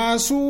masu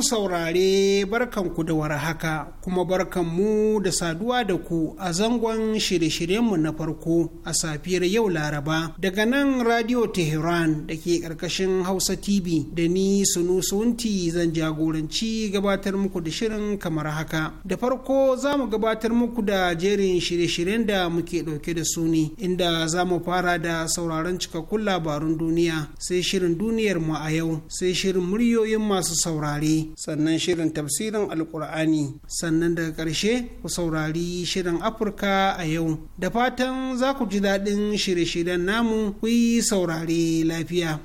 masu saurare barkanku da war haka kuma barkanmu da saduwa da ku a zangon shirye-shiryenmu na farko a safiyar yau laraba daga nan radio tehran da ke ƙarƙashin hausa tv da ni sunu sunti zan jagoranci gabatar muku da shirin kamar haka da farko za mu gabatar muku da jerin shirye-shiryen da muke ɗauke da su ne inda za mu fara da sauraron cikakkun labarun duniya sai shirin duniyar mu a yau sai shirin muryoyin masu saurare sannan shirin tafsirin alkur'ani sannan daga ƙarshe ku saurari shirin afirka a yau da fatan za ku ji daɗin shirye-shiryen namu ku yi saurare lafiya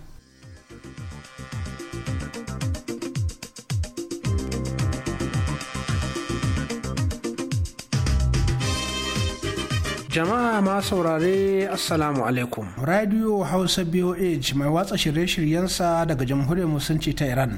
jama'a ma saurare assalamu alaikum radio hausa boh mai watsa shirye-shiryensa daga jamhuriyar musulunci ta iran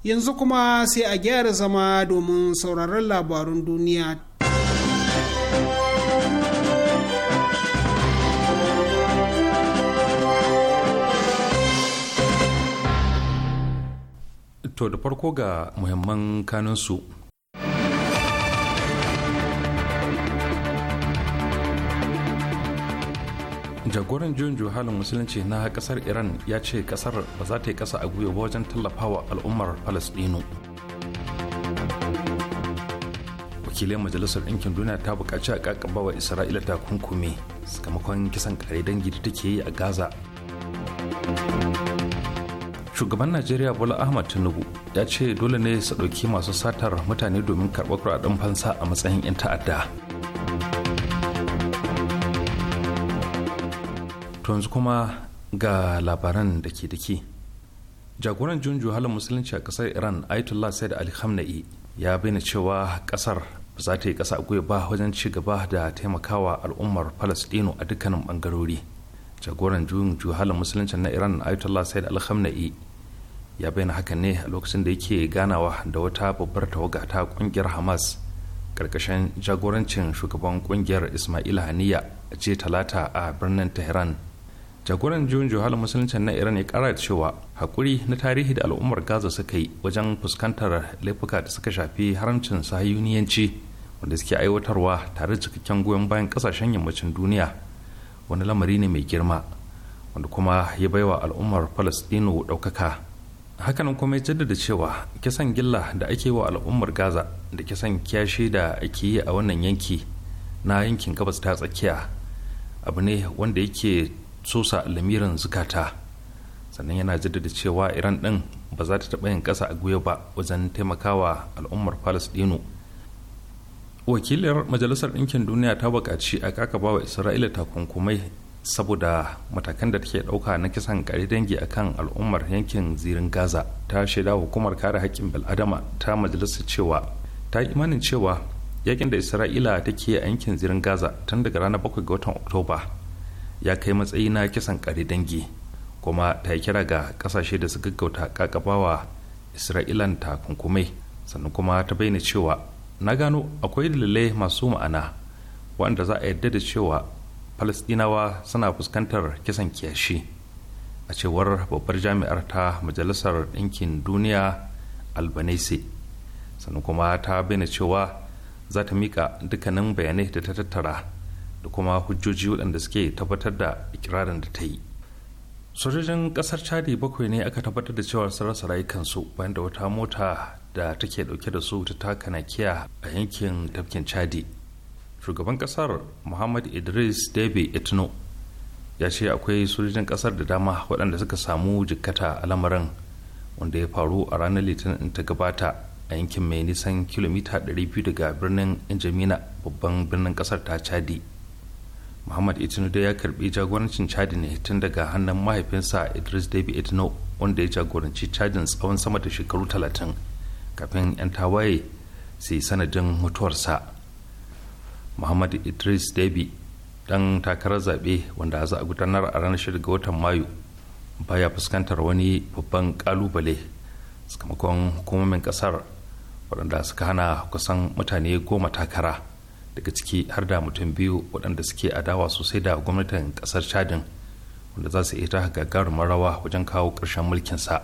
yanzu kuma sai a gyara zama domin sauraron labarun duniya to da farko ga muhimman kanunsu jagoran juyin halin musulunci na kasar iran ya ce kasar ba za ta yi kasa a gwiwa ba wajen tallafawa al'ummar palestino wakilai majalisar ɗinkin duniya ta buƙaci a kakaba wa isra'ila takunkumi sakamakon kisan kare dangi da take yi a gaza shugaban najeriya bola ahmad tinubu ya ce dole ne su ɗauki masu satar mutane domin karɓar kuɗaɗen fansa a matsayin 'yan ta'adda To yanzu kuma ga labaran da ke dake. Jagoran junju halin musulunci a kasar Iran Ayatollah Said Ali khamnai ya bayyana cewa ƙasar ba za ta yi ƙasa goyi ba wajen ci gaba da taimakawa al'ummar palestino a dukkanin bangarori Jagoran junju halin musulunci na Iran Ayatollah Said Ali khamnai ya bayyana haka ne a lokacin da yake ganawa da wata babbar tawaga ta ƙungiyar Hamas karkashin jagorancin shugaban ƙungiyar Ismail Haniya a ce talata a birnin Tehran. jagoran juyin juhalin musuluncin na iran ya kara cewa hakuri na tarihi da al'ummar gaza suka yi wajen fuskantar laifuka da suka shafi haramcin sahiyuniyanci wanda suke aiwatarwa tare da cikakken goyon bayan kasashen yammacin duniya wani lamari ne mai girma wanda kuma ya baiwa al'ummar palestino ɗaukaka hakanan kuma ya jaddada cewa kisan gilla da ake wa al'ummar gaza da kisan kyashi da ake yi a wannan yanki na yankin gabas ta tsakiya abu ne wanda yake sosa lamirin zukata sannan yana jaddada cewa iran din ba za ta taɓa yin ƙasa a gwiwa ba wajen taimakawa al'ummar palestino wakilar majalisar ɗinkin duniya ta buƙaci a kakaba wa isra'ila takunkumai saboda matakan da take ɗauka na kisan kare dangi akan al'ummar yankin zirin gaza ta shaida hukumar kare haƙƙin bil'adama ta majalisar cewa ta imanin cewa yakin da isra'ila take a yankin zirin gaza tun daga ranar 7 ga watan oktoba ya kai matsayi na kisan kare dangi kuma ta kira ga kasashe da su gaggauta kakabawa isra'ilan kunkume sannan kuma ta bayyana cewa na gano akwai dalilai masu ma'ana wanda za a yadda da cewa falastinawa suna fuskantar kisan kiyashi a cewar babbar jami'ar ta majalisar ɗinkin duniya albanese sannan kuma ta bayyana cewa za ta mika dukkanin bayanai da ta tattara da kuma hujjoji waɗanda suke tabbatar da ikirarin da ta yi sojojin ƙasar chadi bakwai ne aka tabbatar da cewa sun rasa rayukansu bayan da wata mota da take ɗauke da su ta taka nakiya a yankin tafkin chadi shugaban ƙasar muhammad idris debe etno ya ce akwai sojojin ƙasar da dama waɗanda suka samu jikkata a lamarin wanda ya faru a ranar litinin ta gabata a yankin mai nisan kilomita 200 daga birnin injamina babban birnin ƙasar ta chadi muhammad dai ya karbi jagorancin chadi ne tun daga hannun mahaifinsa idris david itno wanda ya jagoranci chadin tsawon sama da shekaru talatin kafin 'yan tawaye su yi sanadin mutuwarsa muhammad idris david dan takarar zaɓe wanda za a gudanar a ranar shirin ga watan mayu baya fuskantar wani babban kalubale sakamakon hukumomin kasar waɗanda suka hana kusan mutane goma takara daga ciki har da mutum biyu waɗanda suke adawa sosai da gwamnatin ƙasar chadin wanda za su ita ta gagarumar rawa wajen kawo ƙarshen mulkinsa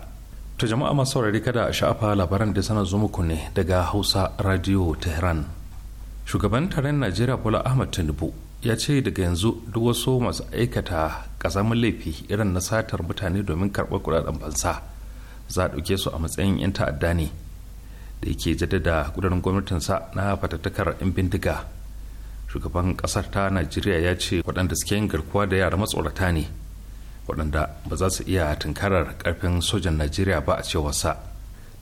ta jama'a masu saurari kada a sha'afa labaran da sana zo muku ne daga hausa radio tehran shugaban taron najeriya bola ahmad tinubu ya ce daga yanzu duk wasu masu aikata ƙazamin laifi irin na satar mutane domin karɓar kuɗaɗen fansa za a ɗauke su a matsayin 'yan ta'adda ne da yake jaddada kudurin gwamnatinsa na fatattakar 'yan bindiga shugaban kasar ta najeriya ya ce waɗanda suke yin garkuwa da yara matsorata ne waɗanda ba za su iya tunkarar karfin sojan najeriya ba a cewarsa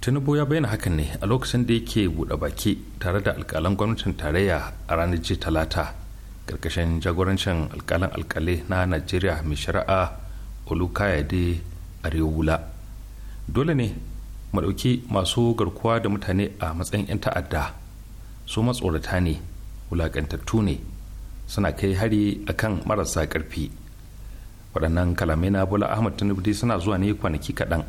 tinubu ya bayyana hakan ne a lokacin da yake buɗe baki tare da alƙalan gwamnatin tarayya a ranar jiya talata karkashin jagorancin alƙalan alƙalai na najeriya mai shari'a olukayade arewula dole ne mu ɗauki masu garkuwa da mutane a matsayin 'yan ta'adda su matsorata ne wulaƙantattu ne suna kai hari akan marasa ƙarfi waɗannan kalamai na bula ahmad tinubu suna zuwa ne kwanaki kaɗan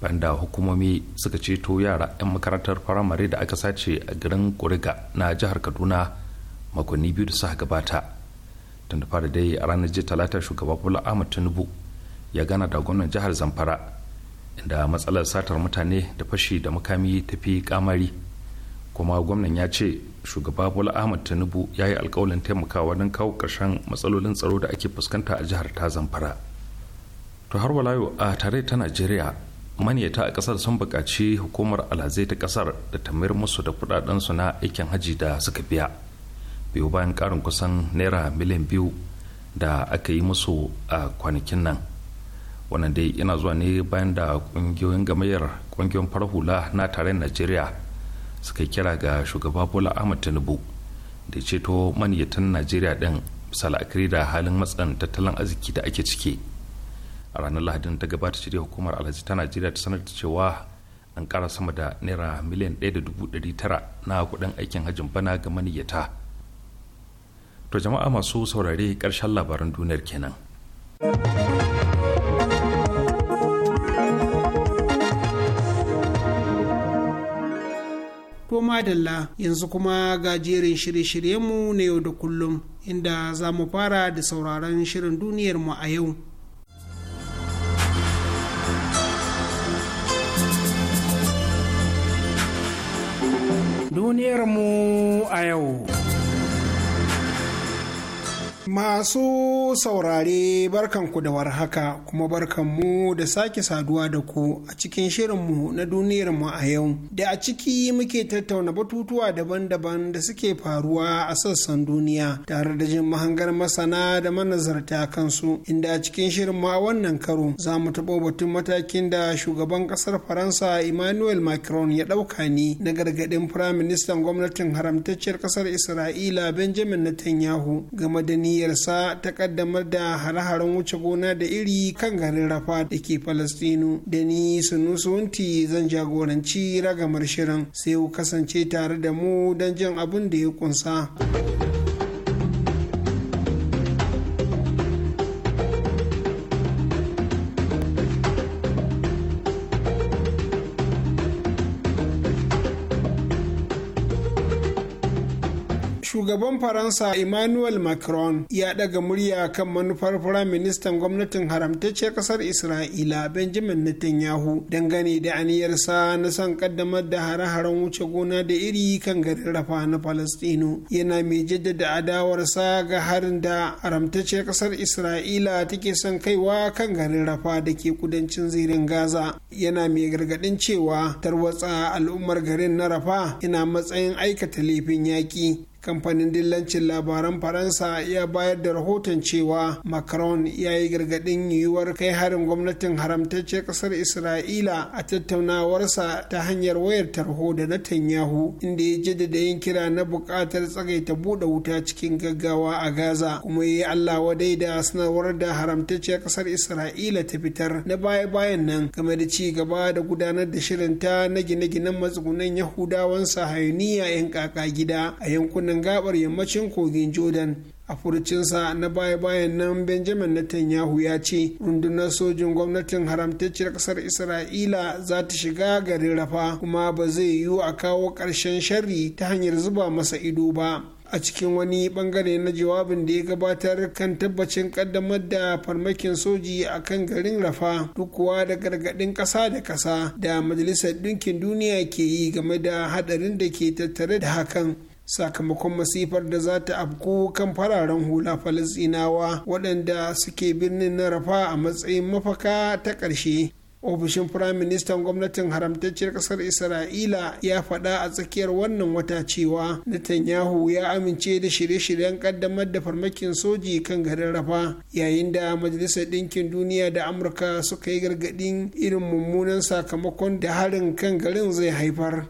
banda hukumomi suka ceto yara 'yan makarantar faramare da aka sace a garin kuriga na jihar kaduna makonni biyu da suka gabata tun da fara dai a ranar jiya talata shugaba bula ahmad tinubu ya gana da gwamnan jihar zamfara inda matsalar satar mutane da fashi da mukami tafi kamari kuma gwamnan ya ce shugaba bola ahmad tinubu ya yi alkawalin taimakawa don kawo ƙarshen matsalolin tsaro da ake fuskanta a jihar ta zamfara to har walayo a tare ta najeriya manyata a kasar sun buƙaci hukumar alhazai ta kasar da ta mayar musu da su na aikin haji da suka biya biyu bayan ƙarin kusan naira miliyan biyu da aka yi musu a kwanakin nan wannan dai yana zuwa ne bayan da ƙungiyoyin gamayyar ƙungiyoyin farhula hula na tarayyar najeriya suka kira ga shugaba bola ahmad tinubu da ceto maniyatan najeriya din misali da halin matsan tattalin arziki da ake ciki a ranar lahadin ta gabata shirya hukumar alhaji ta najeriya ta sanar da cewa an kara sama da naira miliyan tara na kudin aikin hajjin bana ga maniyata to jama'a masu saurare karshen labaran duniyar kenan. ko madalla yanzu kuma ga jerin shirye-shiryenmu na yau da kullum inda za mu fara da sauraron shirin duniyarmu a yau. duniyar mu a yau. Masu saurare barkanku da warhaka kuma barkanmu da sake saduwa da ku a cikin shirin mu na duniyarmu a yau da a ciki muke tattauna batutuwa daban-daban da suke faruwa a sassan duniya tare da jin mahangar masana da manazarta kansu inda a cikin mu a wannan karo za mu taɓo batun matakin da shugaban ƙasar Faransa Emmanuel Macron ya ɗauka ne na gargaɗin Firaministan gwamnatin haramtacciyar ƙasar Isra'ila Benjamin Netanyahu game da ni aniyarsa ta kaddamar da hare-haren wuce gona da iri kan garin rafa da ke falastinu da ni sunusunti zan jagoranci ragamar shirin sai ku kasance tare da mu don jin abin da ya kunsa. shugaban faransa emmanuel macron ya daga murya kan manufar firaministan gwamnatin haramtacce kasar isra'ila benjamin netanyahu dangane da aniyarsa na son kaddamar da hare-haren wuce gona da iri kan garin rafa na palestino yana mai jaddada adawarsa ga harin da haramtacce kasar isra'ila take son kaiwa kan garin rafa da ke kudancin zirin gaza yana mai gargadin cewa tarwatsa al'ummar garin na rafa yana matsayin aikata laifin yaƙi kamfanin dillancin labaran faransa ya bayar da rahoton cewa macron ya yi gargaɗin yiwuwar kai harin gwamnatin haramtacce ƙasar isra'ila a tattaunawarsa ta hanyar wayar tarho da netanyahu inda ya jaddada yin kira na buƙatar tsagaita buɗe wuta cikin gaggawa a gaza kuma ya yi allah wadai da sanarwar da haramtacciyar ƙasar isra'ila ta fitar na baya-bayan nan game da ci gaba da gudanar da shirinta na gine-ginen matsugunan yahudawan sahayuniya 'yan kaka gida a yankunan tsibirin gabar yammacin kogin jordan a furcinsa na baya-bayan nan benjamin netanyahu ya ce rundunar sojin gwamnatin haramtacciyar kasar isra'ila za ta shiga garin rafa kuma ba zai yiwu a kawo ƙarshen sharri ta hanyar zuba masa ido ba a cikin wani bangare na jawabin da ya gabatar kan tabbacin kaddamar da farmakin soji a kan garin rafa kuwa da gargaɗin ƙasa da ƙasa da majalisar ɗinkin duniya ke yi game da haɗarin da ke tattare da hakan sakamakon masifar da za ta afku kan fararen hula falasinawa waɗanda suke birnin na rafa a matsayin mafaka ta ƙarshe ofishin firaministan gwamnatin haramtacciyar ƙasar isra'ila ya faɗa a tsakiyar wannan wata cewa netanyahu ya amince da shirye-shiryen ƙaddamar da farmakin soji kan garin rafa yayin da majalisar ɗinkin duniya da amurka suka yi gargaɗin irin mummunan sakamakon da harin kan garin zai haifar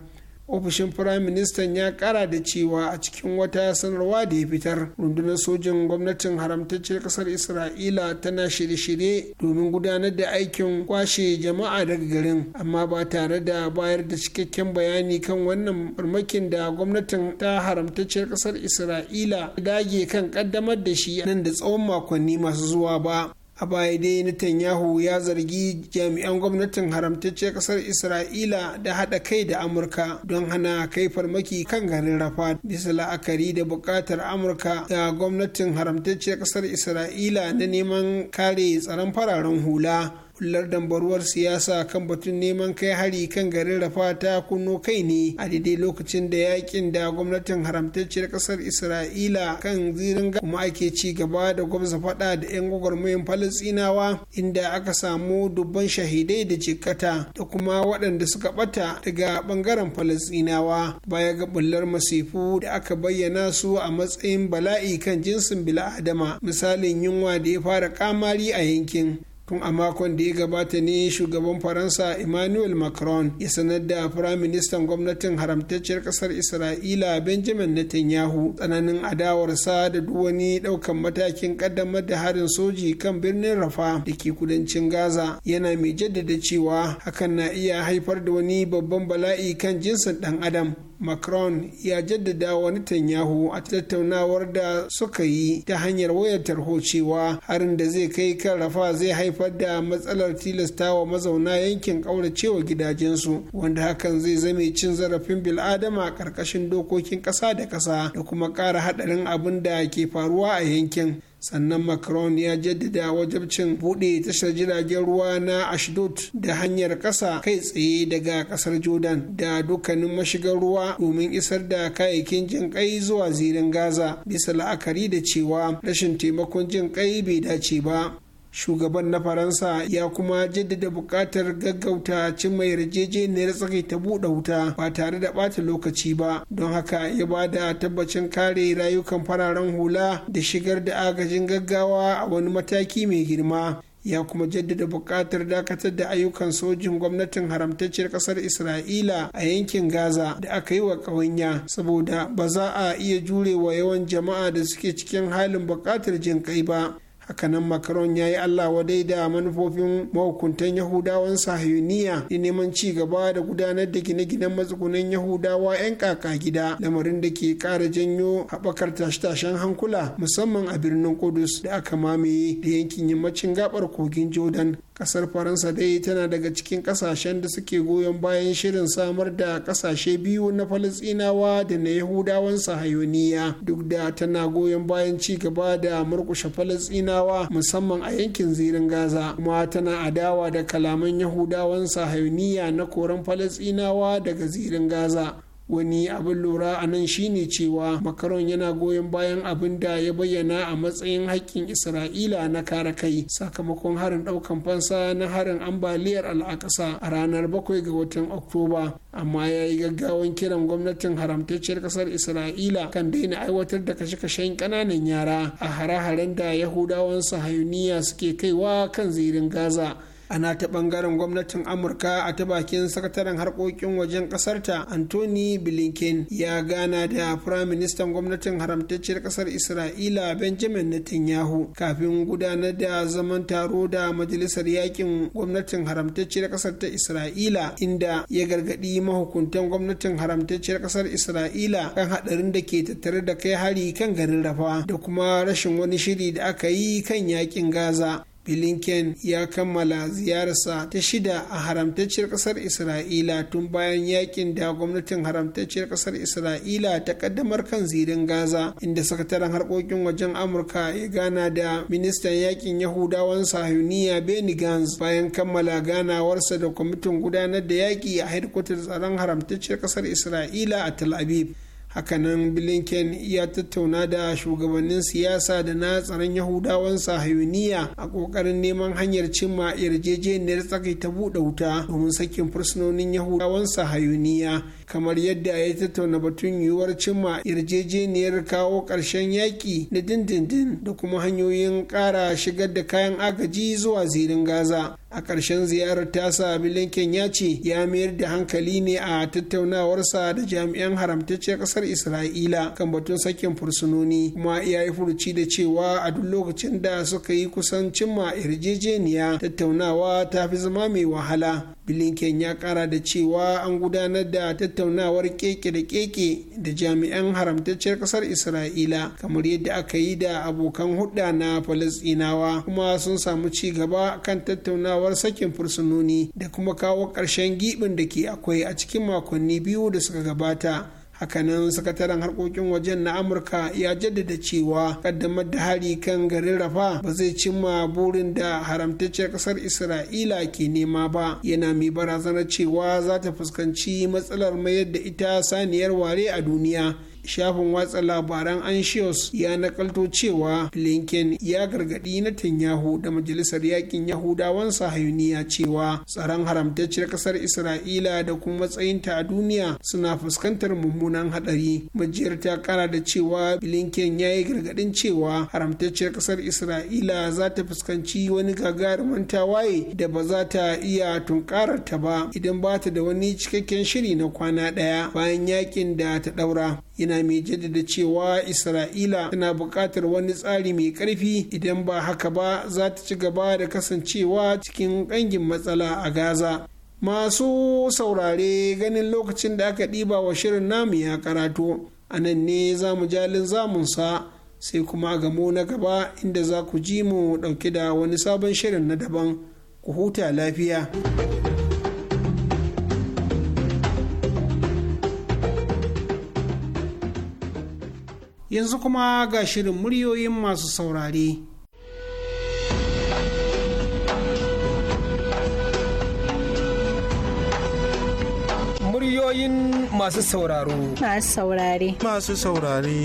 ofishin firaministan ya kara da cewa a cikin wata sanarwa da ya fitar rundunar sojin gwamnatin haramtacciyar kasar isra'ila tana shirye-shirye domin gudanar da aikin kwashe jama'a daga garin amma ba tare da bayar da cikakken bayani kan wannan farmakin da gwamnatin ta haramtacciyar kasar isra'ila dage kan kaddamar da shi nan da tsawon makonni masu zuwa ba a baya dai netanyahu ya zargi jami'an gwamnatin haramtacce kasar isra'ila da haɗa kai da amurka don hana kai farmaki kan garin rafa bisa la'akari da buƙatar amurka ga gwamnatin haramtacce kasar isra'ila na neman kare tsaron fararen hula Hular dambaruwar siyasa kan batun neman kai hari kan garin rafa ta kunno kai ne a daidai lokacin da yakin da gwamnatin haramtacciyar kasar isra'ila kan zirin kuma ake ci gaba da gwamza faɗa da 'yan gwagwarmayin falastinawa inda aka samu dubban shahidai da jikkata da kuma waɗanda suka ɓata daga ɓangaren falastinawa baya ga bullar masifu da aka bayyana su a matsayin bala'i kan jinsin bil'adama misalin yunwa da ya fara kamari a yankin tun a makon da ya gabata ne shugaban faransa emmanuel macron ya sanar da firaministan gwamnatin haramtacciyar kasar isra'ila benjamin netanyahu tsananin adawarsa da duk wani daukan matakin kaddamar da harin soji kan birnin rafa da ke kudancin gaza yana mai jaddada cewa hakan na iya haifar da wani babban bala'i kan jinsin dan adam macron ya jaddada wa netanyahu a tattaunawar da suka yi ta hanyar wayar tarho cewa harin da zai kai kan rafa zai haifar da matsalar tilasta wa mazauna yankin ƙauracewa gidajensu wanda hakan zai zame cin zarafin bil'adama ƙarƙashin dokokin ƙasa da ƙasa da kuma ƙara haɗarin abin da ke faruwa a yankin sannan macron ya jaddada wajabcin buɗe tashar jiragen ruwa na ashdod da hanyar ƙasa kai tsaye daga ƙasar jordan da dukkanin mashigar ruwa domin isar da kayayyakin jin kai zuwa zirin gaza bisa la'akari da cewa rashin taimakon jin kai bai dace ba shugaban na faransa ya kuma jaddada buƙatar gaggauta mai yarjejeniyar tsaki ta buɗe wuta ba tare da ɓata lokaci ba don haka ya ba da tabbacin kare rayukan fararen hula da shigar da agajin gaggawa a wani mataki mai girma ya kuma jaddada buƙatar dakatar da ayyukan sojin gwamnatin haramtacciyar kasar isra'ila a yankin gaza da aka yi wa ƙawanya saboda ba za a iya jurewa yawan jama'a da suke cikin halin buƙatar jin kai ba hakanan macron ya yi allah wadai da manufofin mahukuntan yahudawan sahiyoniya da neman ci gaba da gudanar da gine-ginen matsugunan yahudawa 'yan kaka gida lamarin da ke kara janyo haɓakar tashe-tashen hankula musamman a birnin kudus da aka mamaye da yankin yammacin gabar kogin jordan kasar faransa dai tana daga cikin kasashen da suke goyon bayan shirin samar da kasashe biyu na falasinawa da na yahudawan sahayoniya duk da tana goyon bayan ci gaba da murkushe falasinawa musamman a yankin zirin gaza kuma tana adawa da kalaman yahudawan sahayoniya na koren falasinawa daga zirin gaza wani abin lura a nan shine cewa makaron yana goyon bayan abin da ya bayyana a matsayin haƙƙin isra'ila na kare kai sakamakon harin ɗaukan fansa na harin ambaliyar al'akasa a ranar 7 ga watan oktoba amma ya yi gaggawan kiran gwamnatin haramtacciyar ƙasar isra'ila kan daina aiwatar da kashe-kashen ƙananan yara a hare-haren da yahudawan sahayuniya suke kaiwa kan zirin gaza ana ta bangaren gwamnatin amurka a ta bakin sakataren harkokin wajen kasarta anthony blinken ya gana da prime minister gwamnatin haramtacciyar kasar isra'ila benjamin netanyahu kafin gudanar da zaman taro da majalisar yakin gwamnatin haramtacciyar kasar ta isra'ila inda ya gargadi mahukuntan gwamnatin haramtacciyar kasar isra'ila kan hadarin da ke tattare da kai hari kan garin rafa da kuma rashin wani shiri da aka yi kan yakin gaza Blinken ya kammala ziyararsa ta shida a haramtacciyar ƙasar Isra'ila tun bayan yakin da gwamnatin haramtacciyar ƙasar Isra'ila ta kaddamar kan zirin Gaza inda sakataren harkokin wajen Amurka ya gana da ministan yakin Yahudawan Sahuniya Benny Gantz bayan kammala ganawarsa da kwamitin gudanar da yaƙi a hedkwatar tsaron haramtacciyar ƙasar Isra'ila a Tel Aviv. hakanan blinken ya tattauna da shugabannin siyasa da na tsaron yahudawan sahayuniya a kokarin neman hanyar cimma yarjejeniyar tsakaita buɗe wuta domin sakin fursunonin yahudawan sahayuniya kamar yadda ya tattauna batun yiwuwar cimma yarjejeniyar kawo ƙarshen yaƙi na dindindin da kuma hanyoyin ƙara shigar da kayan agaji zuwa zirin gaza a ƙarshen ziyarar tasa bilinken ya ce ya mayar da hankali ne a tattaunawarsa da jami'an haramtacciyar ƙasar isra'ila kan batun sakin fursunoni kuma ya yi furuci da cewa a duk lokacin da suka yi kusan cimma yarjejeniya tattaunawa ta fi zama mai wahala bilinken ya ƙara da cewa an gudanar da tattaunawa tattaunawar keke da keke da jami'an haramtacciyar kasar isra'ila kamar yadda aka yi da abokan hudda na falasɗinawa kuma sun samu ci gaba kan tattaunawar sakin fursunoni da kuma kawo ƙarshen giɓin da ke akwai a cikin makonni biyu da suka gabata hakanan sakataren harkokin wajen na amurka ya jaddada cewa kaddamar da hari kan garin rafa ba zai cimma burin da haramtacciyar kasar isra'ila ke nema ba yana mai barazanar cewa za ta fuskanci matsalar mayar da ita saniyar ware a duniya shafin watsa labaran anshios ya nakalto cewa Blinken ya gargadi Tanyahu da majalisar yakin Yahudawan sahayuniya cewa tsaron haramtacciyar kasar Isra'ila da kuma matsayinta a duniya suna fuskantar mummunan hadari. Majiyar ta kara da cewa Blinken ya yi gargadin cewa haramtacciyar kasar Isra'ila za ta fuskanci wani gagarumin tawaye da ba za ta iya tunkarar ta ba idan ba ta da wani cikakken shiri na kwana ɗaya bayan yakin da ta ɗaura. yana mai jaddada cewa isra'ila tana buƙatar wani tsari mai ƙarfi idan ba haka ba za ta ci gaba da kasancewa cikin ƙangin matsala a gaza masu saurare ganin lokacin da aka ɗiba wa shirin namu ya karatu a nan ne za mu jalin zamunsa sai kuma gamo na gaba inda za ku ji mu ɗauke da wani sabon shirin na daban ku huta lafiya. yanzu kuma ga shirin muryoyin masu saurare. Muryoyin masu sauraro. Masu saurare. Masu saurare.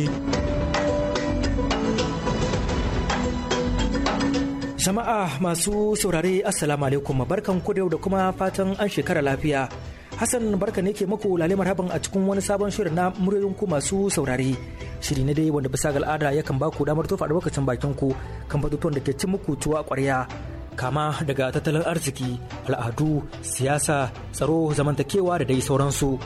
Jama'a masu saurare Assalamu alaikum barkan ku da kuma fatan an shekara lafiya. Hassan barka ne ke mako lale marhaban a cikin wani sabon shirin na muryoyin masu saurare. Shiri na dai wanda bisa ga al'ada yakan ba ku damar tofa albarkacin bakin ku kan batutuwan da ke cin muku tuwa ƙwarya. Kama daga tattalin arziki, al'adu, siyasa, tsaro, zamantakewa da dai sauransu.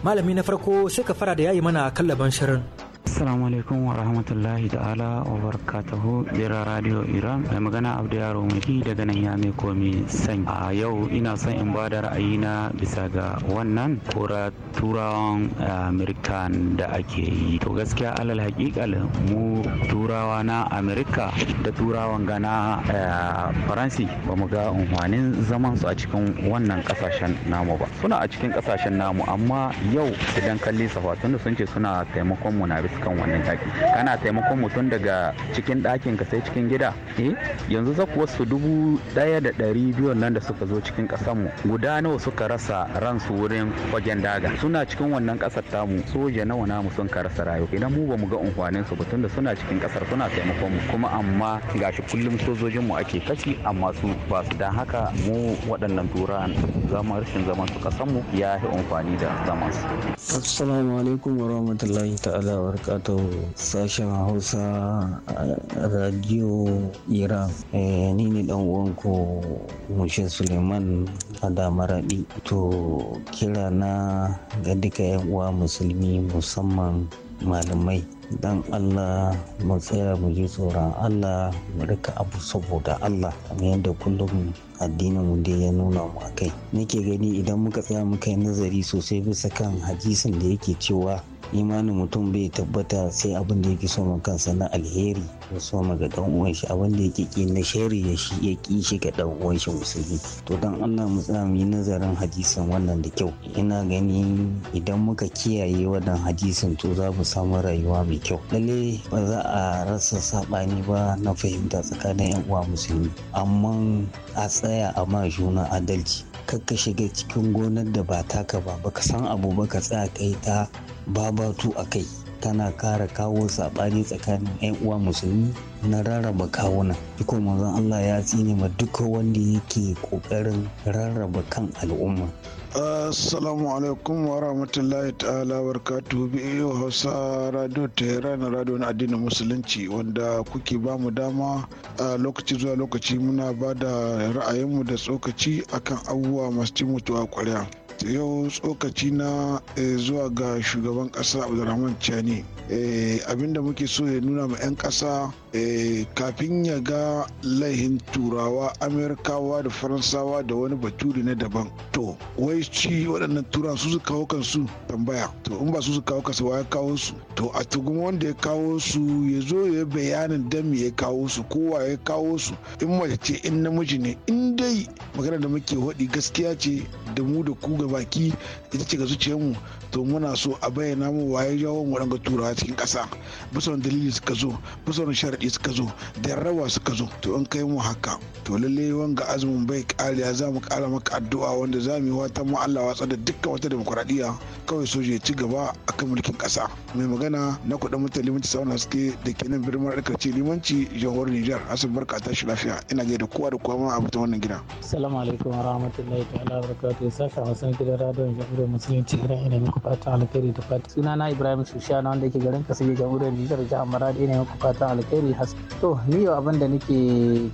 Malami na farko sai ka fara da yayi mana kallaban shirin. Assalamu alaikum wa rahmatullahi ta'ala wa barakatuhu jira radio Iran mai magana Abdu Yaro Maki daga nan ya mai komi san. A yau ina son in bada ra'ayina bisa ga wannan kora turawan eh, Amerikan da ake yi. To gaskiya alal hakikal mu turawa na Amerika da turawan gana eh, Faransi ba mu ga unhwanin zaman su a cikin wannan kasashen namu ba. Suna a cikin kasashen namu amma yau idan kalli safa tunda sun ce suna taimakon mu na bisa kan wannan yaƙi kana taimakon mutum daga cikin ɗakin ka sai cikin gida eh yanzu za ku wasu dubu ɗaya da ɗari biyu nan da suka zo cikin ƙasar mu guda nawa suka rasa ransu wurin wajen daga suna cikin wannan ƙasar tamu soja nawa namu sun ka rasa rayu idan mu ba mu ga unhwanin su ba tunda suna cikin ƙasar suna taimakon mu kuma amma gashi kullum sojojin mu ake kashi amma su ba su dan haka mu waɗannan tura zama rashin zaman su ƙasar mu ya yi amfani da zaman su assalamu alaikum wa ta'ala wa wato sashen hausa radio iran eh, ni ne dan uwanku mushin suleiman Adamu maraɗi to kira na ga duka yan uwa musulmi musamman malamai dan Allah mu tsaya mu ji tsoron Allah mu rika abu saboda Allah kamar yadda kullum addinin mu ya nuna mu a akai nake gani idan muka tsaya muka yi nazari sosai bisa kan hadisin da yake cewa imanin mutum bai tabbata sai abin da yake so kansa na alheri ya so ga dan uwan shi abin da yake ki na shari ya shi ya ki shi ga dan uwan shi musulmi to dan Allah mu tsaya mu yi nazarin hadisin wannan da kyau ina gani idan muka kiyaye wannan hadisin to za mu samu rayuwa mai kyau lalle ba za a rasa sabani ba na fahimta tsakanin yan uwa musulmi amma a tsaya tsaya a ma juna adalci ka shiga cikin gonar da ba taka ba baka san abu ba ka tsaya kai ta babatu a kai tana kara kawo saɓani tsakanin 'yan uwa musulmi na rarraba kawuna iko manzon Allah ya tsine ma duka wanda yake ƙoƙarin rarraba kan al'umma Assalamu alaikum wa rahmatullahi ta'ala barkatu biyu Hausa Radio Tehran Radio na addinin Musulunci wanda kuke ba mu dama a lokaci zuwa lokaci muna ba da ra'ayinmu da tsokaci akan abubuwa masu cin mutuwa kwarya. yau tsokaci na eh, zuwa ga shugaban kasa abdulrahman chani eh, abinda muke so ya nuna ma 'yan ƙasa. Eh, kafin ya ga laihin turawa amerikawa da faransawa da wani baturi na daban to wai ci waɗannan turan su su kawo kansu tambaya to in ba su su kawo kansu ya kawo su to a tugun wanda ya kawo su ya zo ya bayanin dan ya kawo su kowa ya kawo su in mace ce in namiji ne in dai magana da muke waɗi gaskiya ce da mu da ku ga baki ita ce ga mu to muna so a bayyana mu waye jawo mu waɗanga turawa cikin ƙasa bisa wani dalili suka zo bisa wani sharadi suka zo da rawa suka zo to in kai mu haka to lalle wanga azumin bai ya za mu ƙara maka addu'a wanda za mu yi wata mu Allah watsa da dukkan wata demokuraɗiyya kawai soja ya ci gaba a kan mulkin ƙasa mai magana na kuɗin mutane limanci sauna suke da ke nan birnin alkarci limanci jamhuriyar Nijar asin barka shi lafiya ina da kowa da kowa ma a wannan gida. Assalamu alaikum wa rahmatullahi ta'ala barakatuhu sashen wasan gidan radon da musulunci idan ina muku fatan alkhairi da fatan suna na ibrahim shushana wanda yake garin kasar jamhuriyar nijar jihar maradi ina muku fatan alkhairi has to ni yau abin da nake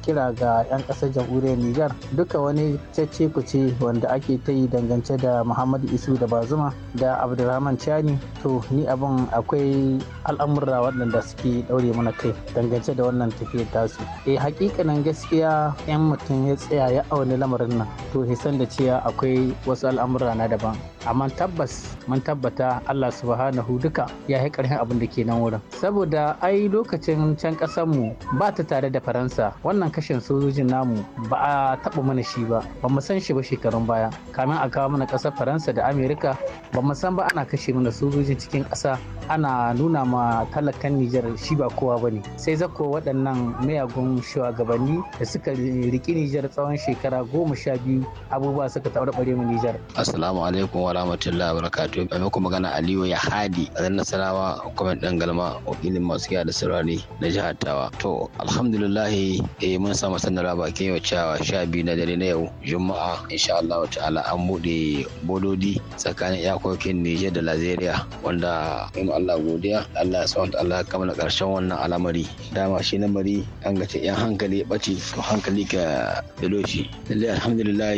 kira ga yan kasar jamhuriyar nijar duka wani cece ce wanda ake ta yi dangance da muhammadu isu da bazuma da abdulrahman chani to ni abin akwai al'amurra waɗanda suke ɗaure mana kai dangance da wannan tafiyar tasu eh hakikanin gaskiya yan mutum ya tsaya ya auni lamarin nan to hisan da cewa akwai wasu al'amura na daban amma tabbas mun tabbata Allah subhanahu duka ya yi karhin abin da ke nan wurin saboda ai lokacin can mu ba ta tare da faransa wannan kashin sojojin namu ba a taba mana shi ba ba mu san shi ba shekarun baya kamin a kawo mana kasar faransa da amerika ba mu san ba ana kashe mana sojojin cikin ƙasa ana nuna ma talakan nijar shi ba kowa ba ne sai zako waɗannan mayagun shugabanni da suka riki nijar tsawon shekara goma sha biyu abubuwa suka taɓarɓare mu nijar assalamu alaikum wa rahmatullahi wa barakatuh a muku magana aliyu ya hadi a zan nasarawa kuma dan galma wakilin masu yada da saurari na jihar tawa to alhamdulillah eh mun samu sanarwa bakin yau cewa sha biyu na dare na yau juma'a insha Allah ta'ala an bude bododi tsakanin iyakokin Niger da Nigeria wanda in Allah godiya Allah wanda Allah ya kammala karshen wannan al'amari dama shi mari an gace yan hankali ya bace to hankali ka dalo shi alhamdulillah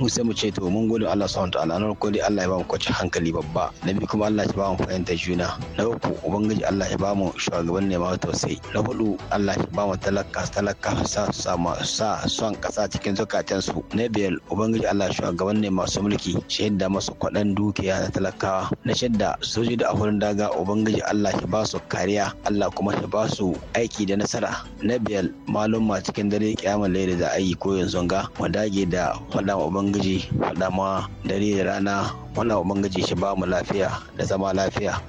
mu sai mu ce to mun gode Allah subhanahu ta'ala farko dai Allah ya ba mu kwace hankali babba na biyu kuma Allah ya ba mu fahimta juna na uku ubangiji Allah ya ba mu shugaban ne ma tausayi na hudu Allah ya ba mu talaka talaka sa sama sa son kasa cikin zukatan su na biyar ubangiji Allah shugaban ne masu mulki shaidda masu kwadan dukiya na talakawa na shidda soji da afurin daga ubangiji Allah ya ba su kariya Allah kuma ya ba su aiki da nasara na biyar ma cikin dare kiyamar laili da ayi ko yanzu ga wadage da fada ubangiji fada ma dare da rana wannan muna gaji shi ba mu lafiya da zama lafiya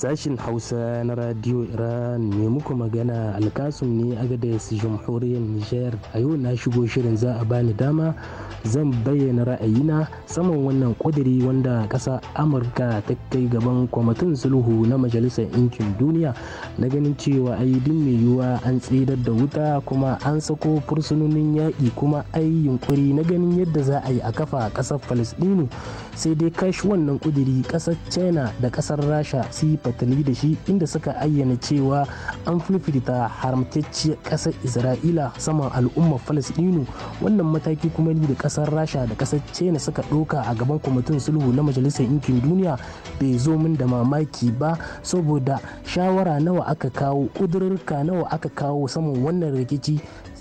sashin hausa na radio iran mai muku magana alkasum ne a agadez jamhuriyar nijar a yau na shigo shirin za a bani dama zan bayyana ra'ayina saman wannan kudiri wanda kasa amurka ta kai gaban kwamitin sulhu na majalisar inkin duniya na ganin cewa ai din mai yiwuwa an tsidar da wuta kuma an sako fursunonin yaƙi kuma ai yunkuri na ganin yadda za a yi a kafa ƙasar falasɗinu sai dai kashi wannan kudiri kasar china da kasar rasha su yi fatali da shi inda suka ayyana cewa an fifita haramtacciyar kasar isra'ila saman al'ummar falasdinu wannan mataki kuma ni da kasar rasha da kasar china suka ɗauka a gaban kwamitin sulhu na majalisar yankin duniya bai zo min da mamaki ba saboda shawara nawa aka kawo ƙudurka nawa aka kawo saman wannan rikici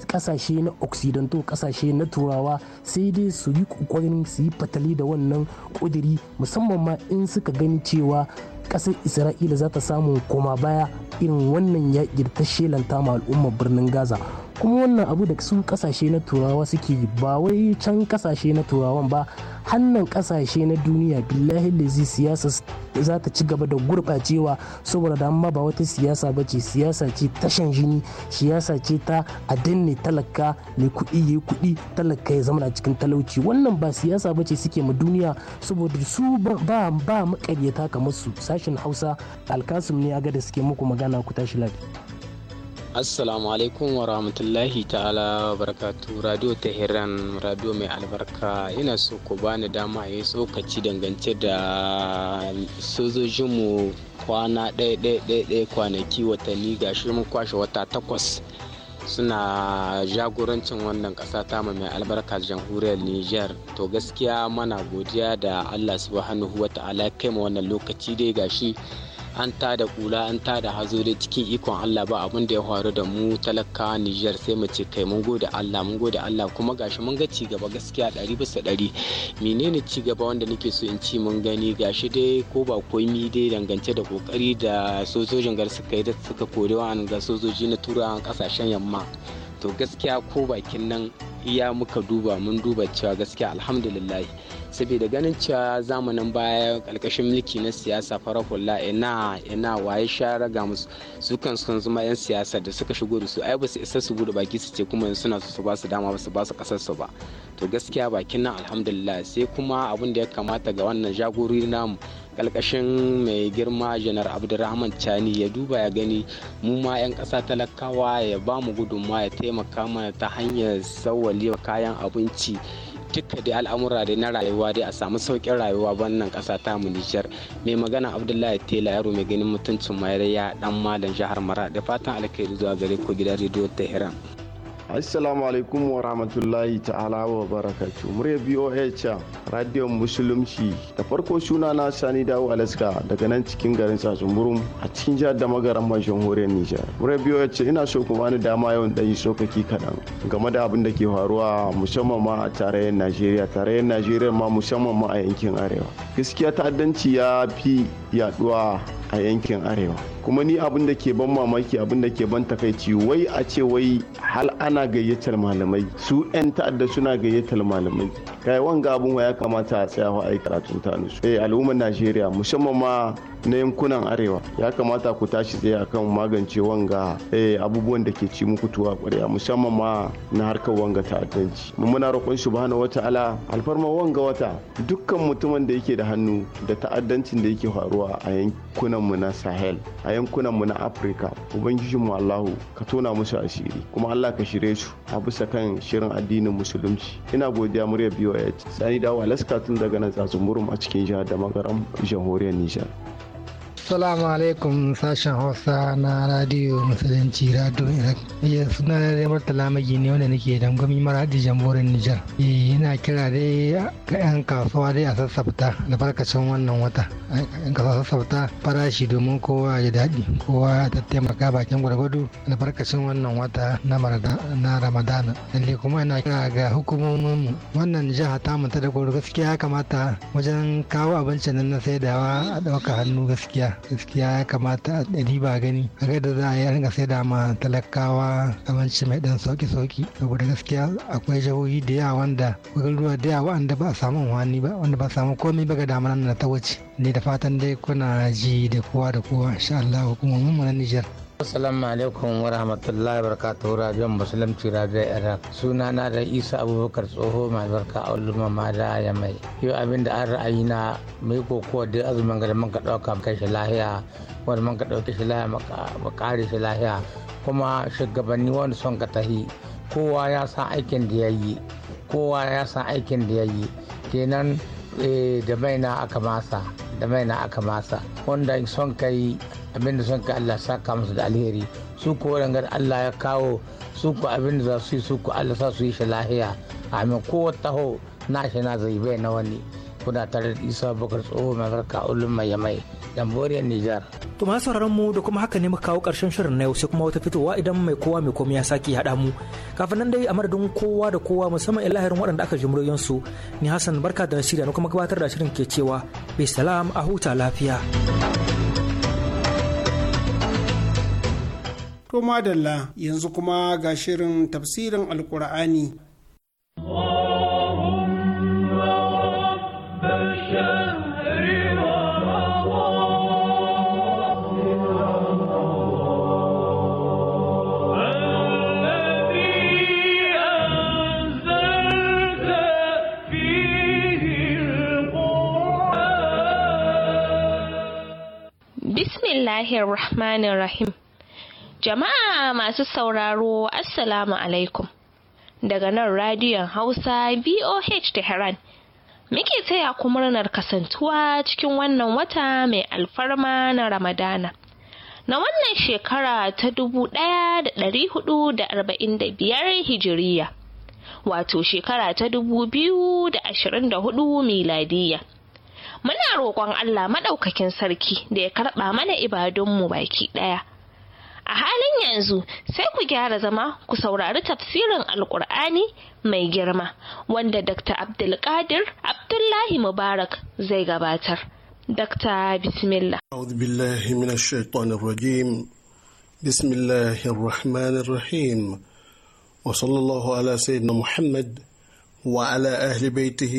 kasashe na occidental kasashe na turawa sai dai su yi kokarin su yi fatali da wannan kudiri musamman ma in suka gani cewa kasar isra'ila za ta samu koma baya irin wannan yaƙi ta shelanta ma al'ummar birnin gaza kuma wannan abu da su kasashe na turawa suke ba wai can kasashe na turawan ba hannan kasashe na duniya billahi lazi siyasa za ta ci gaba da gurɓacewa saboda da amma ba wata siyasa ba ce siyasa ce tashan jini siyasa ce ta a danne talaka ne kuɗi ya kuɗi talaka ya zama cikin talauci wannan ba siyasa ba ce suke ma duniya saboda su ba ba makaryata kamar su sashen hausa alkasum ne aga da suke muku magana ku tashi lafiya assalamu alaikum wa rahmatullahi ta'ala barakatu radio tehran radio mai albarka ina so ku bani dama ya tsokaci dangance da sojojinmu kwana ɗaya ɗaya ɗaya kwanaki watanni ga mun kwashe wata takwas suna jagorancin wannan ƙasa ta mai albarka jamhuriyar nijar to gaskiya mana godiya da allah subhanahu wa ta'ala kai ma wannan lokaci dai gashi an ta da kula an ta da hazo dai cikin ikon Allah ba abin da ya faru da mu talakawa Nijar sai mu ce kai mun gode Allah mun gode Allah kuma gashi mun ga ci gaba gaskiya ɗari bisa ɗari menene ci gaba wanda nake so in ci mun gani gashi dai ko ba komi dai dangance da kokari da sojojin gar suka yi da suka kore wa'an ga sojoji na turawan kasashen yamma to gaskiya ko bakin nan iya muka duba mun duba cewa gaskiya alhamdulillah saboda ganin cewa zamanin baya karkashin mulki na siyasa farar hula ina ina waye sha raga musu su kan sun zama 'yan siyasa da suka shigo da su ai ba su isa su gudu baki su ce kuma suna so su ba su dama ba su ba su kasar su ba to gaskiya bakin nan alhamdulillah sai kuma abin da ya kamata ga wannan jagorori namu kalkashin mai girma janar abdulrahman chani ya duba ya gani mu ma 'yan ƙasa talakawa ya ba mu gudunmawa ya taimaka mana ta hanyar sawwali kayan abinci duka da al'amura da na rayuwa dai a samu saukin rayuwa wannan ƙasa ta mu Nijar mai magana Abdullahi Tela yaro mai ganin mutuncin mayar ya dan malam jihar Mara da fatan alkhairi zuwa gare ku gidan rediyo Tehran assalamu alaikum wa rahmatullahi ta'ala wa barakatu murya boh radio musulunci da farko suna na sani dawo alaska daga nan cikin garin tsatsun a cikin jihar da magaran man jamhuriyar nijar murya boh ina so ku bani dama yawan yi sokaki kaɗan game da abin da ke faruwa musamman ma a tarayyar najeriya tarayyar najeriya ma musamman ma a yankin arewa gaskiya ta'addanci ya fi yaduwa a yankin arewa kuma ni abin da ke ban mamaki abin da ke ban takaici wai a ce wai hal ana gayyatar malamai su 'yan ta'adda suna gayyatar malamai kai wanga abin ya kamata a tsaya a yi karatun ta eh al'ummar najeriya musamman ma na yankunan arewa ya kamata ku tashi tsaye kan magance wanga eh, abubuwan da ke ci muku tuwa kwarya musamman ma na harkar wanga ta'addanci muna roƙon wata ala alfarma wanga wata dukkan mutumin da yake da hannu da ta'addancin da yake faruwa a yankunan mu na sahel a yankunan mu na afirka ubangijin mu allahu ka tona musu asiri kuma allah ka shirye su a bisa kan shirin addinin musulunci ina godiya muryar biyu sani dawo alaska tun daga nan tsatsun murum a cikin jihar da magaram jamhuriyar nijar Assalamu alaikum sashen Hausa na Radio Musulunci Radio Iraq. Ya eh, suna da Murtala ne wanda nake dan gwami maradi jamhuriyar Nijar. Yana eh, kira dai ga 'yan kasuwa dai a sassafta albarkacin wannan wata. 'Yan kasuwa sassafta farashi domin kowa ya daɗi kowa ta taimaka bakin gwargwado albarkacin wannan wata na Ramadana. Lalle kuma yana kira ga hukumomin wannan jiha ta mutu da gaskiya ya kamata wajen kawo abincin nan na saidawa a ɗauka hannu gaskiya gaskiya ya kamata a ba gani a da za a yi ringa sai da ma talakawa abinci mai dan sauki-sauki saboda gaskiya akwai jahohi da yawa wanda wurin ruwa da yawa wanda ba a samu wani ba wanda ba samu komai ba ga damar na ta wuce ne da fatan dai kuna ji da kowa da kowa insha Allah hukumomin mu na Nijar Assalamu alaikum wa rahmatullahi wa barakatuhu rajon musulunci rajon Iraq. Suna na da Isa Abubakar Tsoho mai barka a ulama da ya mai. Yau abin da an ra'ayi na mai kokowa da azumin gada man ka ɗauka kai shi lahiya wani man ka ɗauki shi lahiya ba ƙare shi lahiya kuma shugabanni wani son ka tahi kowa ya san aikin da ya yi kowa ya san aikin da ya yi kenan Eh, da maina aka masa da maina aka masa wanda son kai abinda son kai Allah saka musu da alheri su ko rangar Allah ya kawo su ko abinda za su yi su ko Allah sa su yi shi lahiya amin ko taho na shi na zai bai na wani kuna tare da isa bakar tsoho mai farka ulun mai yamai jamboriyar nijar to masu sauraron mu da kuma haka ne muka kawo karshen shirin na yau sai kuma wata fitowa idan mai kowa mai komai ya saki haɗa mu kafin nan dai a madadin kowa da kowa musamman ilahirin waɗanda aka jimriyon su ni hassan barka da shirya na kuma gabatar da shirin ke cewa bai salam a huta lafiya to madalla yanzu kuma ga shirin tafsirin alkur'ani Bismillahir Rahmanir Rahim. Jama'a masu sauraro, Assalamu alaikum. Daga nan radiyon Hausa BOH Tehran. Muke taya ku murnar kasantuwa cikin wannan wata mai alfarma na Ramadana. Na wannan shekara ta dubu ɗaya da hudu da biyar Hijiriya, wato shekara ta dubu biyu da da hudu miladiyya. muna roƙon Allah maɗaukakin sarki da ya karɓa mana ibadunmu baki ɗaya. A halin yanzu sai ku gyara zama ku saurari tafsirin Alƙur'ani mai girma wanda Dr. Abdulkadir Abdullahi Mubarak zai gabatar. Dr. Bismillah. أعوذ بالله من الشيطان الرجيم بسم الله الرحمن وعلى أهل بيته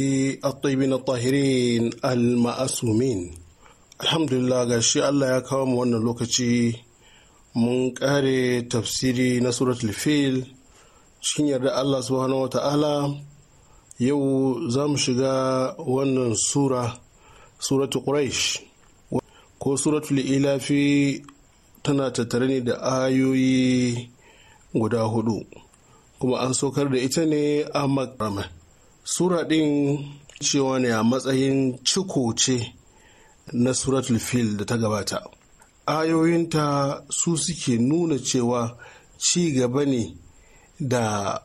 الطيبين الطاهرين المأسومين الحمد لله غشي الله يا كوم وانا لوكتي mun kare tafsiri na suratul fil cikin yarda Allah subhanahu wata'ala yau za mu shiga wannan sura suratu quraish ko suratul ilafi tana tattare ne da ayoyi guda hudu kuma an sokar da ita ne a makarama sura ɗin cewa ne a matsayin ciko ce na suratul fil da ta gabata ayoyinta su suke nuna cewa ci gaba ne da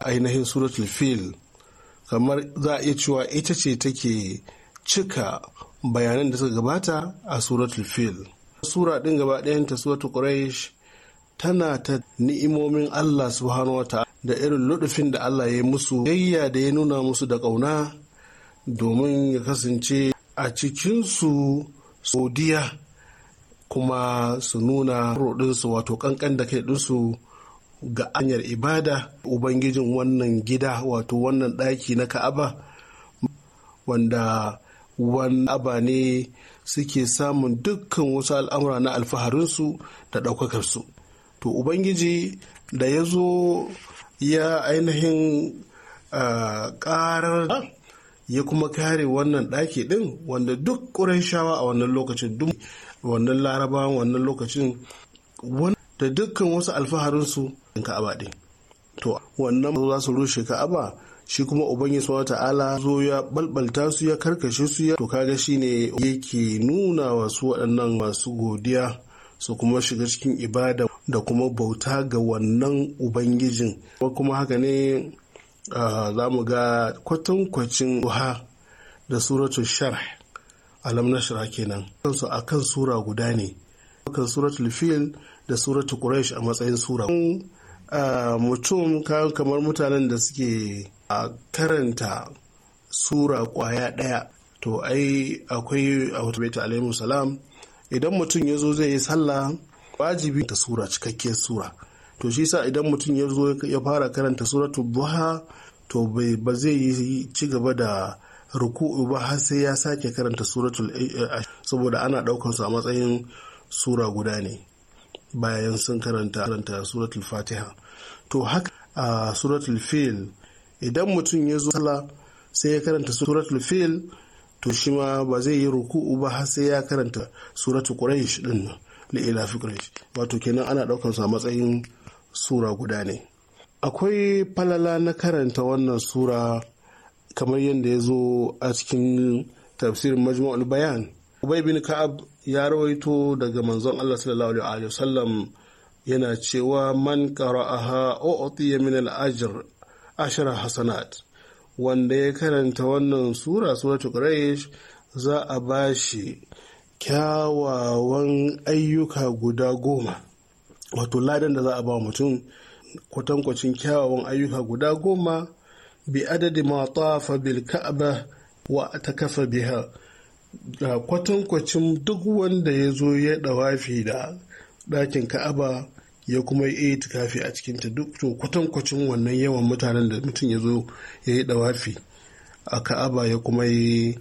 ainihin suratul fil kamar za a iya cewa ita ce take cika bayanan da suka gabata a suratul fil sura ɗin gaba ɗayanta suratul quraish tana ta ni'imomin allah subhanahu wa da irin ludufin da Allah ya musu yayya da ya nuna musu da ƙauna domin ya kasance a cikinsu sodiya kuma su nuna roɗinsu wato ƙanƙan da kai ɗinsu ga anyar ibada ubangijin wannan gida wato wannan ɗaki na ka'aba wanda wani aba ne suke samun dukkan wasu al'amura na alfaharinsu da ɗaukakarsu to ubangiji da ya zo ya ainihin karar ah, ah. ya kuma kare wannan ɗaki ɗin wanda duk shawa a wannan lokacin duk wannan larabawan wannan lokacin da dukkan wasu alfaharinsu in ka'aba ɗin to wannan za su rushe ka'aba shi kuma ubangiji wa ta'ala zo ya balbalta su ya karkashe su ya to kaga shine yake nuna wasu waɗannan masu godiya su kuma shiga cikin ibada da kuma bauta ga wannan ubangijin kuma haka ne za mu ga kwatankwacin duha da suratul sharh alam nashra kenan kansu akan sura guda ne kan suratul fil da suratul quraish a matsayin sura mutum kamar mutanen da suke a karanta sura kwaya daya to ai akwai a salam idan mutum ya zo zai yi sallah wajibi ta sura cikakkiyar sura to shi sa idan mutum ya zo ya fara karanta suratu buha to ba zai yi ci gaba da ruku'u ba har sai ya sake karanta suratul eh, eh, saboda ana daukar su a matsayin sura guda ne bayan sun karanta karanta suratul fatiha to haka a suratul fil idan mutum ya zo sallah sai ya karanta suratul fil to shi ma ba zai yi ruku'u ba har sai ya karanta suratul quraish din nan ila wato kenan ana daukar su a matsayin sura guda ne akwai falala na karanta wannan sura kamar yadda ya zo a cikin tafsirin majmu'ul bayan ubay bin ka'ab ya rawaito daga manzon Allah sallallahu alaihi sallam yana cewa man qara'aha u'tiya min al-ajr ashara hasanat wanda ya karanta wannan sura suratul quraish za a bashi kyawawan ayyuka guda goma wato ladan da za a ba mutum kwatankwacin kyawawan ayyuka guda goma bi adadi ma tafa bil ka'aba wa kafa biha da kwatankwacin duk wanda ya zo ya dawafi da ɗakin ka'aba ya kuma yi itikafi a cikinta duk kwatankwacin wannan yawan mutanen da mutum ya zo ya yi dawafi a ka'aba ya kuma yi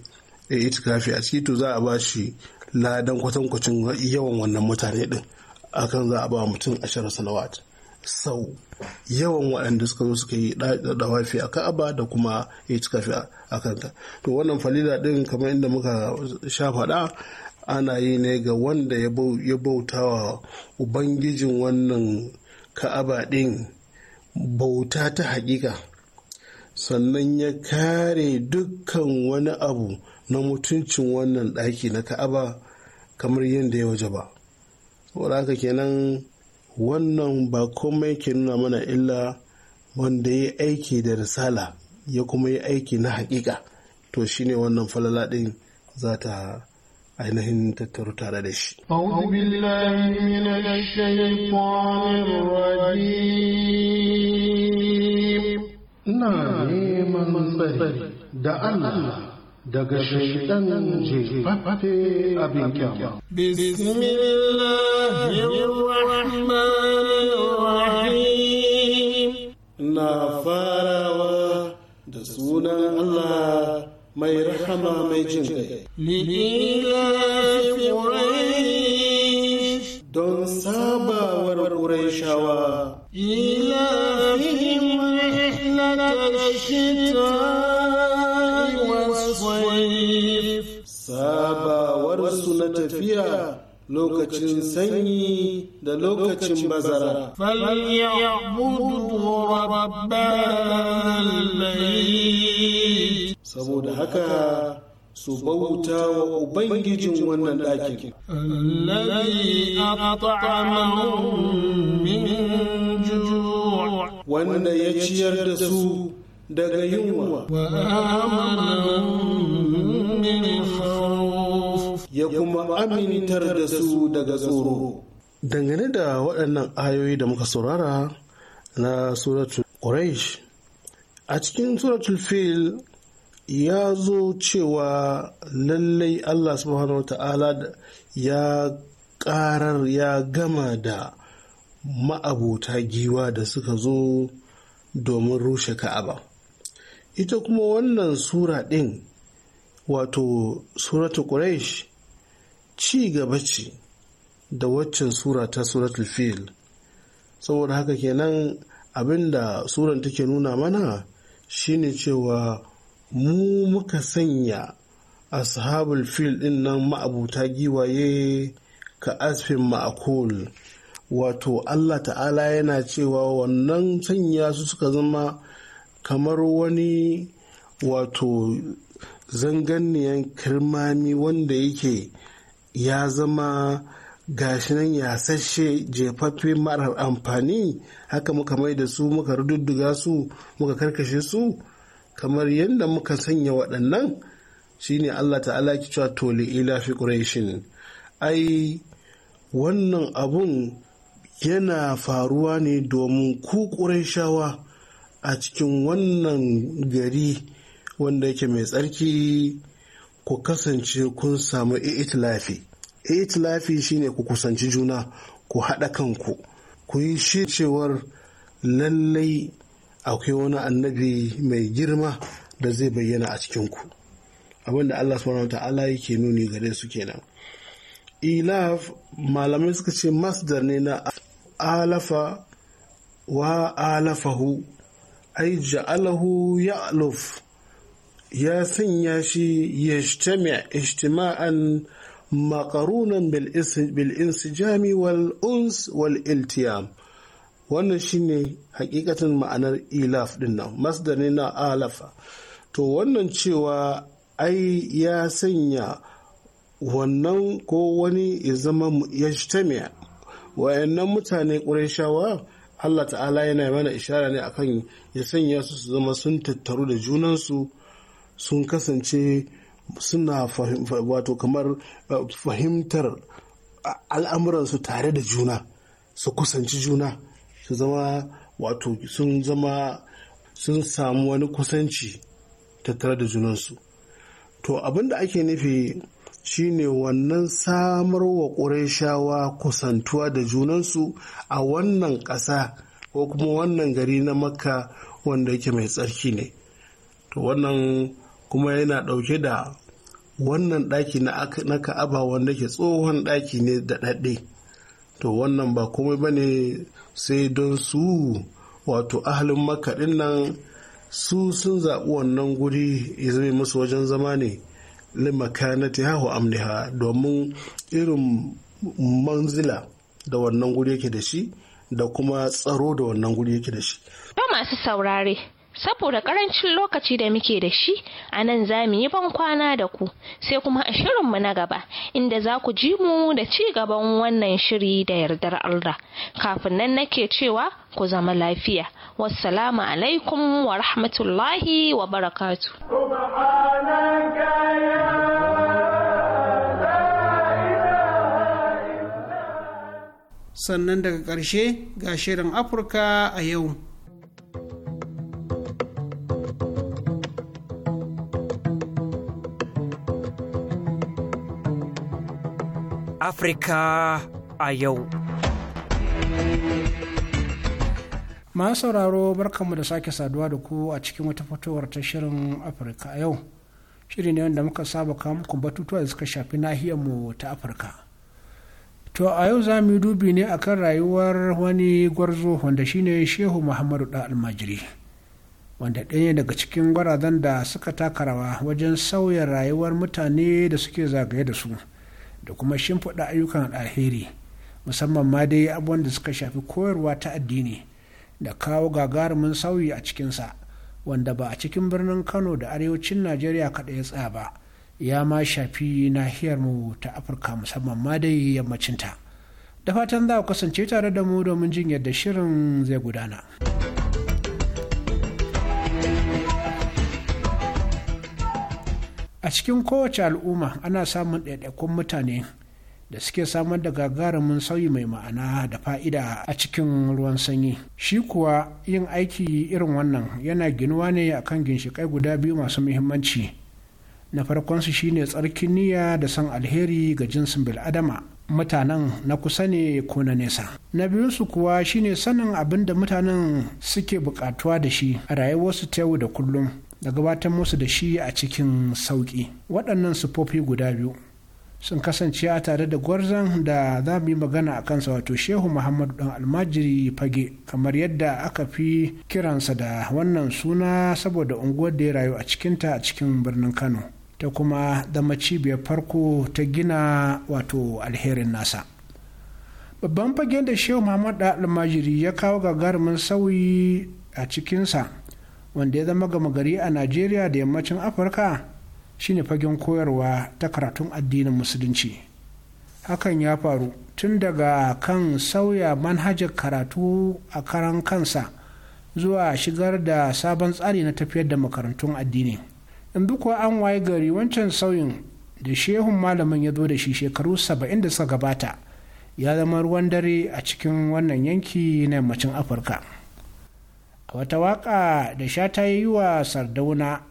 itikafi a ciki to za a ba shi na dan kwatankwacin yawan wannan mutane din akan za a ba mutum ashirin salawat sau yawan waɗanda suka zo suka yi dawafi a ka'aba da kuma ya cika fi a kanta to wannan falila ɗin kamar inda muka sha faɗa ana yi ne ga wanda ya bauta wa ubangijin wannan ka'aba ɗin bauta ta hakika sannan ya kare dukkan wani abu na mutuncin wannan ɗaki na ka'aba kamar yadda ya waje ba saboda haka kenan wannan ba komai ke nuna mana illa wanda ya aiki da risala ya kuma yi aiki na hakika to shine wannan falala ɗin za ta ainihin tattaru tare da shi. billahi ina neman tsari da Allah daga shaidan jefaffe abin Na farawa da sunan Allah mai rahama mai jin kai. Don sabawar Ila fi الشتاء sabawarsu na tafiya lokacin sanyi da lokacin bazara. Saboda haka su bauta wa Ubangijin wannan ɗakin. Wanda ya ciyar da su daga yunwa ya kuma amintar da su daga tsoro. Dangane da waɗannan ayoyi da muka saurara na suratul Quraysh a cikin suratul fil ya zo cewa lallai Allah subhanahu ta'ala ya ƙarar ya gama da ma'abota giwa da suka zo domin rushe ka'aba. ita kuma wannan sura ɗin wato suratu quraish ci gaba ce da waccan sura ta suratul fil saboda haka kenan abinda suran take nuna mana shine cewa mu muka sanya ashabul fil din nan ma'abuta giwaye ka asfin ma'akul wato Allah ta'ala yana cewa wannan sanya su suka zama kamar wani wato zanganniyan kirmami wanda yake ya zama gashinan yasashe jefaffe marar amfani haka muka mai da su muka rududduga su muka karkashe su kamar yadda muka sanya waɗannan shine Allah ta'ala ki cewa toli ila fi quraishin ai wannan abun yana faruwa ne domin ku qurayshawa a cikin wannan gari wanda yake mai tsarki ku kasance kun samu itilafi itilafi shine ku kusanci juna ku haɗa kanku ku yi shi cewar lallai akwai wani annabi mai girma da zai bayyana a cikinku abinda Allah subhanahu ta'ala yake nuni gare su kenan ilaf malamai suka ce masdar ne na alafa wa alafahu ai ja'alahu ya'luf ya sanya shi yajtama'an makarunan bil insijami wal uns wal iltiyam wannan shine hakikatin ma'anar ilaf din nan masdari na alafa to wannan cewa ai ya sanya wannan ko wani ya zama yajtami' wayannan mutane ƙurashawa Allah ta'ala yana mana ishara ne akan ya sanya su su zama sun tattaru da junansu sun kasance suna wato kamar eh, fahimtar al'amuransu tare da juna su kusanci juna su zama wato sun zama sun samu wani kusanci tattare da junansu to abinda ake nufi shine wannan samar wa ƙurashawa kusantuwa da junansu a wannan ƙasa ko kuma wannan gari na makka wanda yake mai tsarki ne to wannan kuma yana ɗauke da wannan ɗaki na ka'aba wanda ke tsohon ɗaki ne da ɗaɗe to wannan ba komai ba ne sai don su wato ahalin makka ɗin nan su sun zaɓi wannan guri ya zama musu wajen zama ne limakanati hahu amniha domin irin manzila da wannan guri yake da shi da kuma tsaro da wannan guri yake da shi. Ba masu saurare, saboda karancin lokaci da muke da shi a nan za mu yi ban kwana da ku sai kuma a shirinmu na gaba inda za ku ji mu da ci gaban wannan shiri da yardar Allah kafin nan nake cewa ku zama lafiya wassalamu alaikum wa rahmatullahi wa barakatu. sannan daga ƙarshe ga shirin afirka a yau afrika a yau masu sauraro barkanmu da sake saduwa da ku a cikin wata fitowar ta shirin afirka a yau shiri ne wanda muka saba kawo muku batutuwa da suka shafi nahiyar mu ta afirka to a yau za mu yi dubi ne akan rayuwar wani gwarzo wanda shine shehu muhammadu da almajiri wanda ɗaya ne daga cikin gwarazan da suka taka rawa wajen sauya rayuwar mutane da suke zagaye da su da kuma shimfiɗa ayyukan alheri musamman ma dai abubuwan da suka shafi koyarwa ta addini da kawo gagarumin sauyi a cikinsa wanda ba a cikin birnin kano da arewacin najeriya kaɗai ya tsaya ba ya ma shafi nahiyar mu ta afirka musamman ma dai yammacinta da fatan za ku kasance tare da mu domin jin yadda shirin zai gudana. a cikin kowace al'umma ana samun ɗaiɗaikun mutane da suke samar da gagarumin sauyi mai ma'ana da fa'ida a cikin ruwan sanyi shi kuwa yin aiki irin wannan yana ginuwa ne akan ginshiƙai guda biyu masu muhimmanci na farkonsu shine tsarkin niyya da san alheri ga jinsin bil'adama mutanen na kusa ne ko na nesa na biyunsu kuwa shine sanin abin da mutanen suke buƙatuwa da shi a rayuwarsu ta yau da kullum da gabatar musu da shi a cikin sauƙi waɗannan sufofi guda biyu sun kasance a tare da gwarzan da za mu yi magana a kansa wato shehu muhammadu dan almajiri fage kamar yadda aka fi kiransa da wannan suna saboda unguwar da ya rayu a cikinta a cikin birnin kano ta kuma zama cibiyar farko ta gina wato alherin nasa babban fage da shehu muhammadu dan almajiri ya kawo gagarumin sauyi a cikinsa wanda ya zama gama gari a najeriya da yammacin afirka shine fagen koyarwa ta karatun addinin musulunci hakan ya faru tun daga kan sauya manhajar karatu a karan kansa zuwa shigar da sabon tsari na tafiyar da makarantun addini In kuwa an waye gari wancan sauyin da shehun malamin ya zo da shi shekaru saba'in da suka gabata ya zama ruwan dare a cikin wannan yanki na yammacin afirka a wata waka da sha ta yi wa sardauna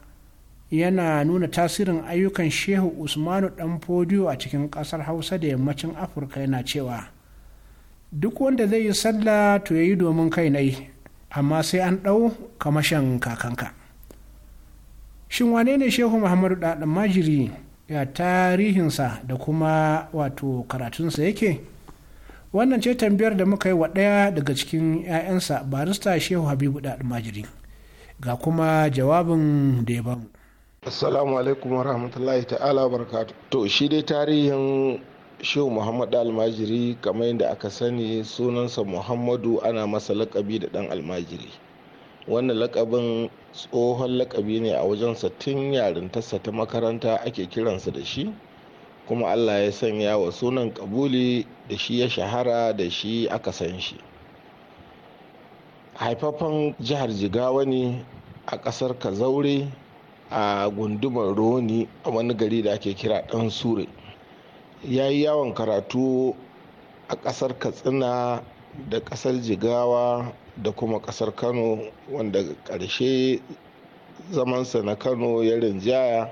yana nuna tasirin ayyukan shehu usmanu dan fodiyo a cikin kasar hausa da yammacin afirka yana cewa duk wanda zai yi sallah to ya yi domin kai na yi amma sai an ɗau kamashin kakanka shin wane ne shehu muhammadu ɗaɗan majiri ya tarihinsa da kuma wato karatunsa yake wannan ce tambayar da muka yi wa ɗaya daga cikin 'ya'yansa barista shehu habibu ɗaɗan majiri ga kuma jawabin da ya bamu. assalamu alaikum wa rahmatullahi ta'ala barakatu to shi dai tarihin shehu muhammad almajiri kamar yadda aka sani sunansa muhammadu ana masa lakabi da dan almajiri wannan lakabin tsohon lakabi ne a wajensa tun yarintarsa ta makaranta ake kiransa da shi kuma allah ya sanya wa sunan kabuli da shi ya shahara da shi aka san shi haifafan jihar jigawa ne a ƙasar kazaure a gundumar roni a wani gari da ake kira dan sure ya yi yawon karatu a ƙasar katsina da ƙasar jigawa da kuma ƙasar kano wanda ƙarshe zamansa na kano ya rinjaya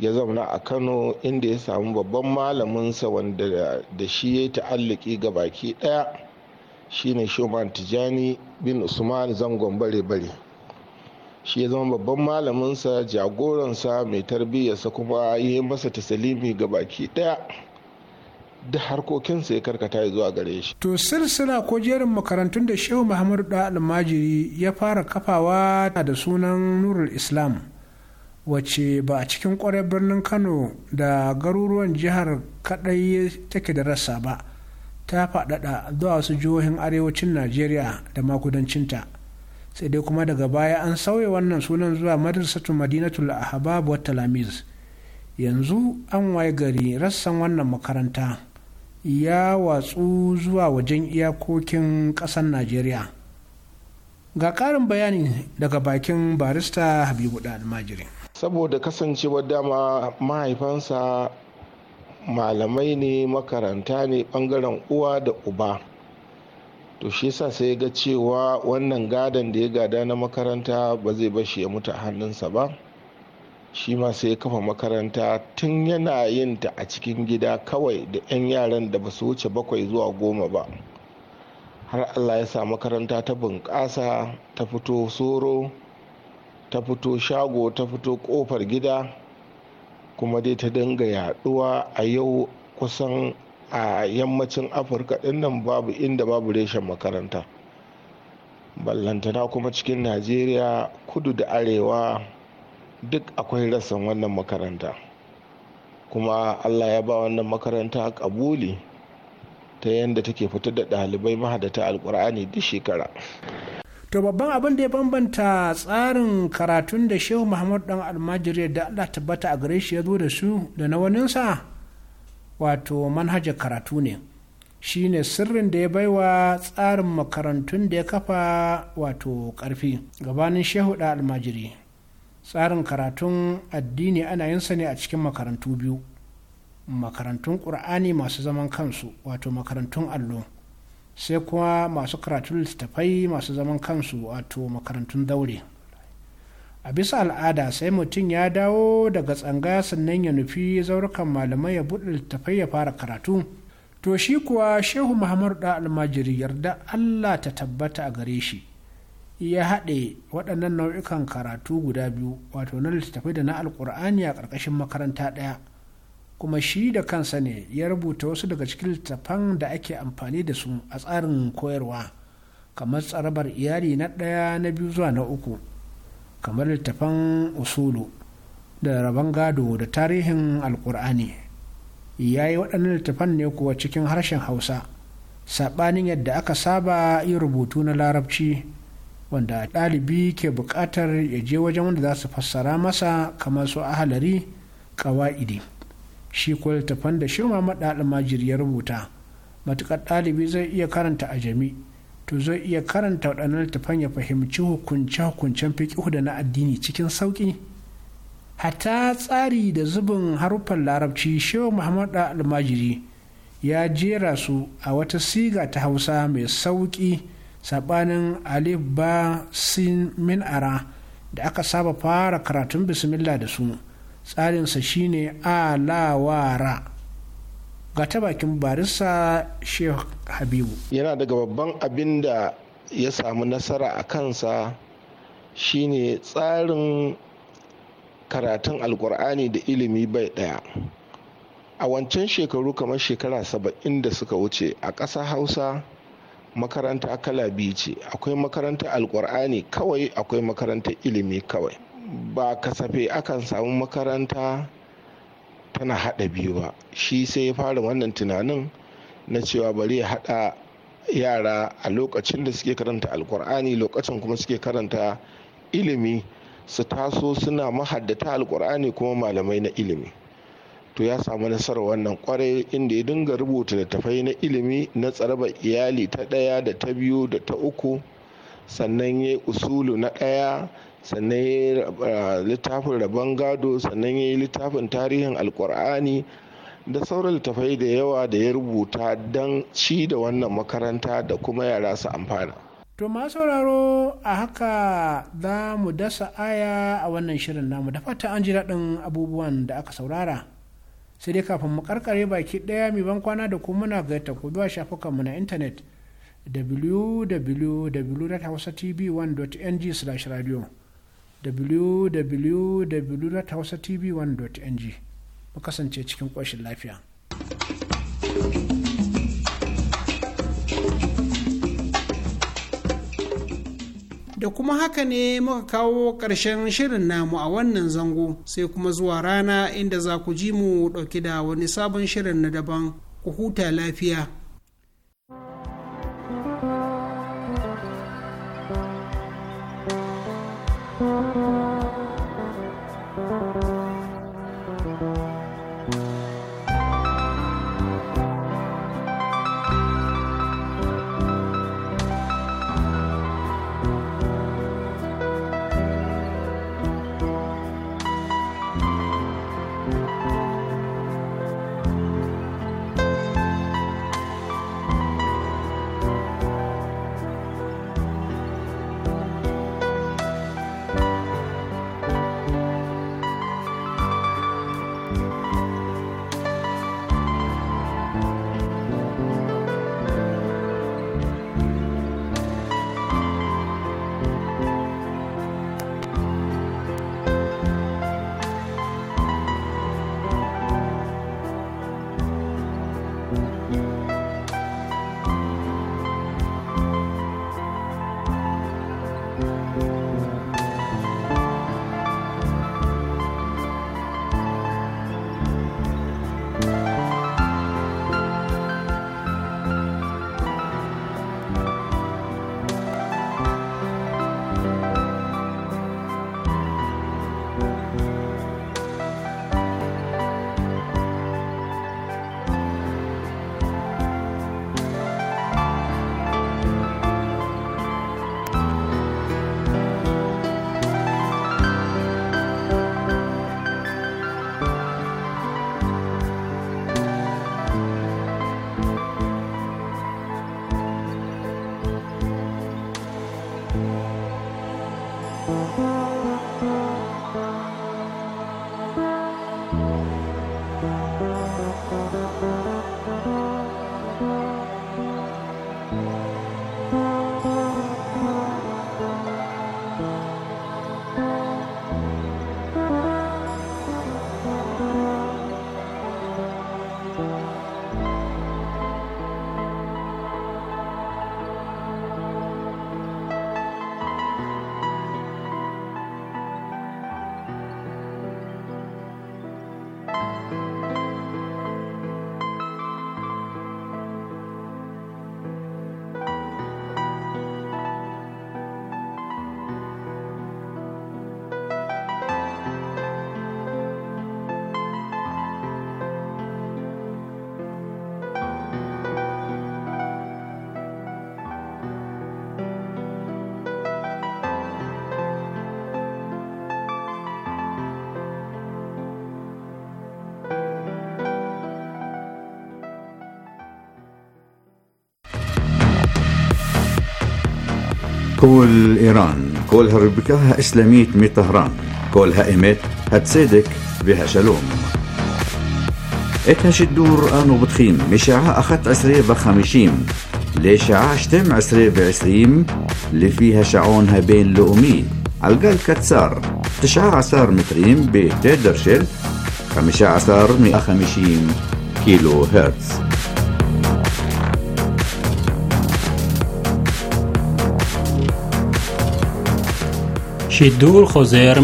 ya zauna a kano inda ya samu babban malaminsa wanda da shi ya ta'alliki ga baki ɗaya shine shoman tijani bin usman zangon bare-bare shi ya zama babban malaminsa jagoransa mai tarbiyyarsa kuma yi masa tasalimi ga baki daya da harkokinsa ya karkata ya zuwa gare shi. To silsila ko jerin makarantun da Shehu Muhammadu da almajiri ya fara kafawa da sunan Nurul Islam wace ba a cikin kwarai birnin Kano da garuruwan jihar kadai take da rasa ba ta faɗaɗa zuwa wasu jihohin arewacin Najeriya da makudancinta. sai dai kuma daga baya an sauya wannan sunan zuwa madrasatu madinatul ahbab wa talamiz yanzu an waye gari rassan wannan makaranta ya watsu zuwa wajen iyakokin ƙasar najeriya ga ƙarin bayani daga bakin barista habibu da almajiri saboda kasancewar dama mahaifansa malamai ne makaranta ne bangaren uwa da uba to shi yasa sai ya ga cewa wannan gadon da ya gada na makaranta ba zai bashi ya mutu a hannunsa ba shi ma sai ya kafa makaranta tun yana yin ta a cikin gida kawai da 'yan yaran da ba su wuce bakwai zuwa goma ba har allah ya sa makaranta ta bunƙasa ta fito soro ta fito shago ta fito ƙofar gida kuma dai ta dinga yaduwa a yau kusan a yammacin afirka dinnan babu inda babu reshen makaranta ballantana kuma cikin najeriya kudu da arewa duk akwai rasan wannan makaranta kuma allah ya ba wannan makaranta kabuli ta yadda take fitar da ɗalibai mahadata alkur'ani duk shekara to babban abin da ya bambanta tsarin karatun da shehu muhammadu dan almajiri da allah tabbata a gare shi ya zo da su da na waninsa wato manhaja karatu ne shi ne sirrin da ya baiwa tsarin makarantun da ya kafa wato karfi. gabanin shehu da almajiri tsarin karatun addini ana yin sa ne a cikin makarantu biyu makarantun ƙur'ani masu zaman kansu wato makarantun allo sai kuma masu karatun littattafai masu zaman kansu wato makarantun daure a bisa al'ada sai mutum ya dawo daga tsanga sannan ya nufi zaurukan malamai ya buɗe littafai ya fara karatu to shi kuwa shehu muhammadu da almajiri yarda allah ta tabbata a gare shi ya haɗe waɗannan nau'ikan karatu guda biyu wato na littattafai da na alkur'ani a ƙarƙashin makaranta ɗaya kuma shi da kansa ne ya rubuta wasu daga cikin littattafan da ake amfani da su a tsarin koyarwa kamar tsarabar iyali na ɗaya na biyu zuwa na uku kamar littafan usulu da rabon gado da tarihin alkur'ani ya yi waɗannan littafan ne kuwa cikin harshen hausa saɓanin yadda aka saba yin rubutu na larabci wanda ɗalibi ke buƙatar ya je wajen wanda za su fassara masa kamar su ahalari ƙawa'idi shi kuwa littafan da shirma maɗa almajiri ya rubuta matuƙar ɗalibi zai iya karanta a ajami to zai iya karanta waɗannan littafan ya fahimci hukunce-hukuncen fiƙihu da na addini cikin sauƙi hata tsari da zubin haruffan larabci shehu muhammad almajiri ya jera su a wata siga ta hausa mai sauƙi saɓanin alif ba sin min ara da aka saba fara karatun bismillah da su tsarinsa shine alawara ga ta bakin barisa Sheikh habibu yana daga babban abin da ya samu nasara a kansa shine tsarin karatun alkur'ani da ilimi bai daya a wancan shekaru kamar shekara saba'in da suka wuce a ƙasa hausa makaranta kala biyu ce akwai makaranta alkur'ani kawai akwai makaranta ilimi kawai ba kasafe akan samu makaranta tana haɗa biyu ba shi sai ya fara wannan tunanin na cewa bari ya haɗa yara a lokacin da suke karanta alkur'ani lokacin kuma suke karanta ilimi su taso suna mahaddata alkur'ani kuma malamai na ilimi to ya samu nasarar wannan kwarai inda ya dinga rubuta littattafai na ilimi na tsaraba iyali ta ɗaya da ta biyu da ta uku sannan ya yi usulu na ɗaya sannan ya yi ah, littafin rabon gado sannan ya yi littafin tarihin alkur'ani da sauran littafai da yawa da ya rubuta don ci da wannan makaranta da kuma yara su amfana to ma sauraro a haka za mu dasa aya a wannan shirin namu da fata an ji daɗin abubuwan da aka saurara sai dai kafin mu karkare baki ɗaya mai ban kwana da kuma muna gaita ko zuwa shafukanmu na intanet www.hausatv1.ng/radio www.hausatv1.ng mu kasance cikin ƙoshin lafiya. da kuma haka ne muka kawo ƙarshen shirin namu a wannan zango sai kuma zuwa rana inda za ku ji mu ɗauki da wani sabon shirin na daban ku huta lafiya كول إيران كولها ربكاها إسلاميت مي طهران كولها إيمت هتسيدك بها شلوم إتها الدور آنو بتخيم مشاعة أخت عسرية بخمشيم لشاعة شتم عسرية بعسريم اللي فيها شعونها بين لؤمي عالقال كتسار تشعة عصار مترين بتدرشل خمشة عسار مئة خمشيم كيلو هرتز چ دور خو زای